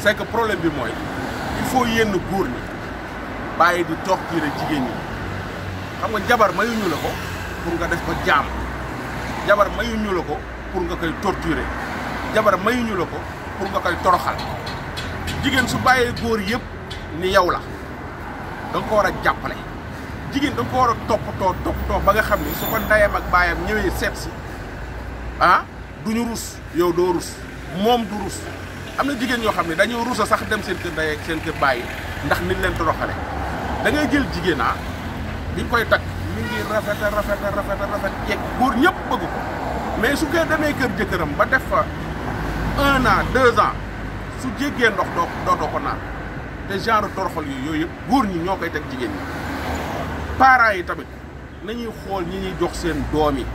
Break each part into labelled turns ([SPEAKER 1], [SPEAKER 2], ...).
[SPEAKER 1] c'est que problème bi mooy il faut yenn góor ñi bàyyi di toog kii rek jigéen ñi xam nga jabar mayuñu la ko pour nga def ko jaam jabar mayuñu la ko pour nga koy torturer jabar mayuñu la ko pour nga koy toroxal jigéen su bàyyee góor yëpp ni yow la da ko war a jàppale jigéen da ko war a toppatoo toppatoo ba nga xam ni su ko ndeyam ak baayam ñëwee seet ah duñu rus yow doo rus moom du rus am na jigéen ñoo xam ne dañoo rusa sax dem seen kër ndey ak seen kër bàyyi ndax niñ leen toroxale da ngay jël jigéen ah bi koy takk mi ngi rafet a rafet a rafet a rafet góor ñëpp bëgg ko mais su koy demee kër jëkkëram ba def fa un an deux su jéggee ndox doo dootoo ko naan te genre toroxal yi yooyu yëpp góor ñi ñoo koy teg jigéen ñi parents yi tamit nañuy xool ñi ñuy jox seen doom yi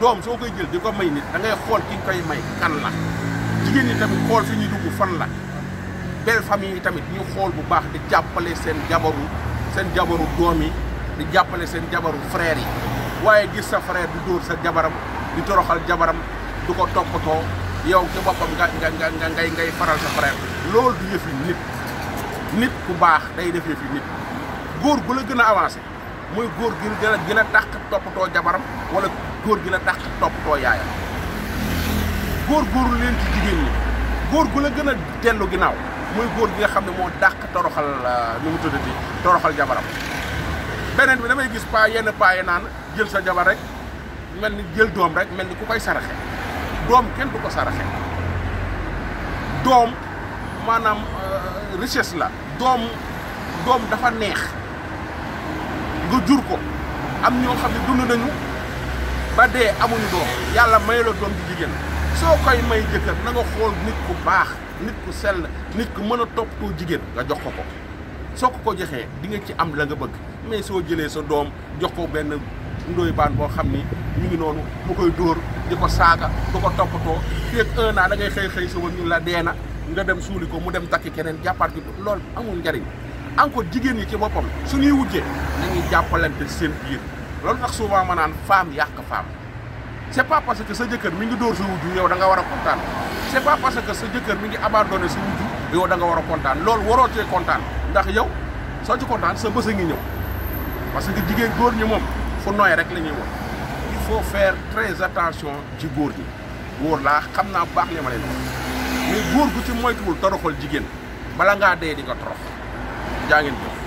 [SPEAKER 1] doom soo koy jël di ko may nit da ngay xool ki nga koy may kan jigen ni tamit xol fi ñu dugg fan la belle famille yi tamit ñu xol bu baax di jappalé sen jabaru sen jabaru doom di jappalé sen jabaru frère yi waye gis sa frère di door sa jabaram di toroxal jabaram du ko topato yow ci boppam nga nga nga ngay ngay faral sa frère lool du yëfi nit nit ku baax day def yëfi nit goor gu la gëna avancer moy goor gi gëna gëna tak topato jabaram wala goor gi la tak topato yaayam góor leen ci jigéen ñi góor gu la gën a dellu ginnaaw mooy góor gi nga xam ne moo dàq toroxal euh, nu mu tuddati toroxal jabaram beneen bi damay gis paa yenn paa yi naan jël sa jabar rek mel ni jël doom rek mel ni ku koy saraxe doom kenn du ko saraxe doom maanaam euh, richesse la doom dafa neex nga jur ko am ñoo xam ne dund nañu ba dee amuñu doom yàlla may la doom ji jigéen soo koy may jëkkër na xool nit ku baax nit ku sell nit ku mën a toppatoo jigéen nga jox ko ko soo ko ko joxee di nga ci am la nga bëgg may soo jëlee sa doom jox ko benn ndoy baan boo xam ni ñu ngi noonu mu koy dóor di ko saaga du ko toppatoo fii ak un an da xëy xëy ñu la deena nga dem suuli ko mu dem takk keneen jàppaat gi loolu amul njariñ ko jigéen ñi ci boppam suñuy wujjee nañuy jàppalante seen biir loolu tax souvent ma naan femme yàq femme. c'est pas parce que sa jëkkër mi ngi dóor sa wujju yow danga nga war a kontaan c'est pas parce que sa jëkkër mi ngi abandonné sa wujju yow da nga war a kontaan loolu waroo cee kontaan ndax yow soo ci kontaan sa bës a ngi ñëw parce que jigéen góor ñi moom fu nooy rek la ñuy wax il faut faire très attention ci góor ñi góor laa xam naa baax li ma leen wax mais góor gu ci moytuwul toroxal jigéen bala ngaa dee di nga torox jaa ngeen jëf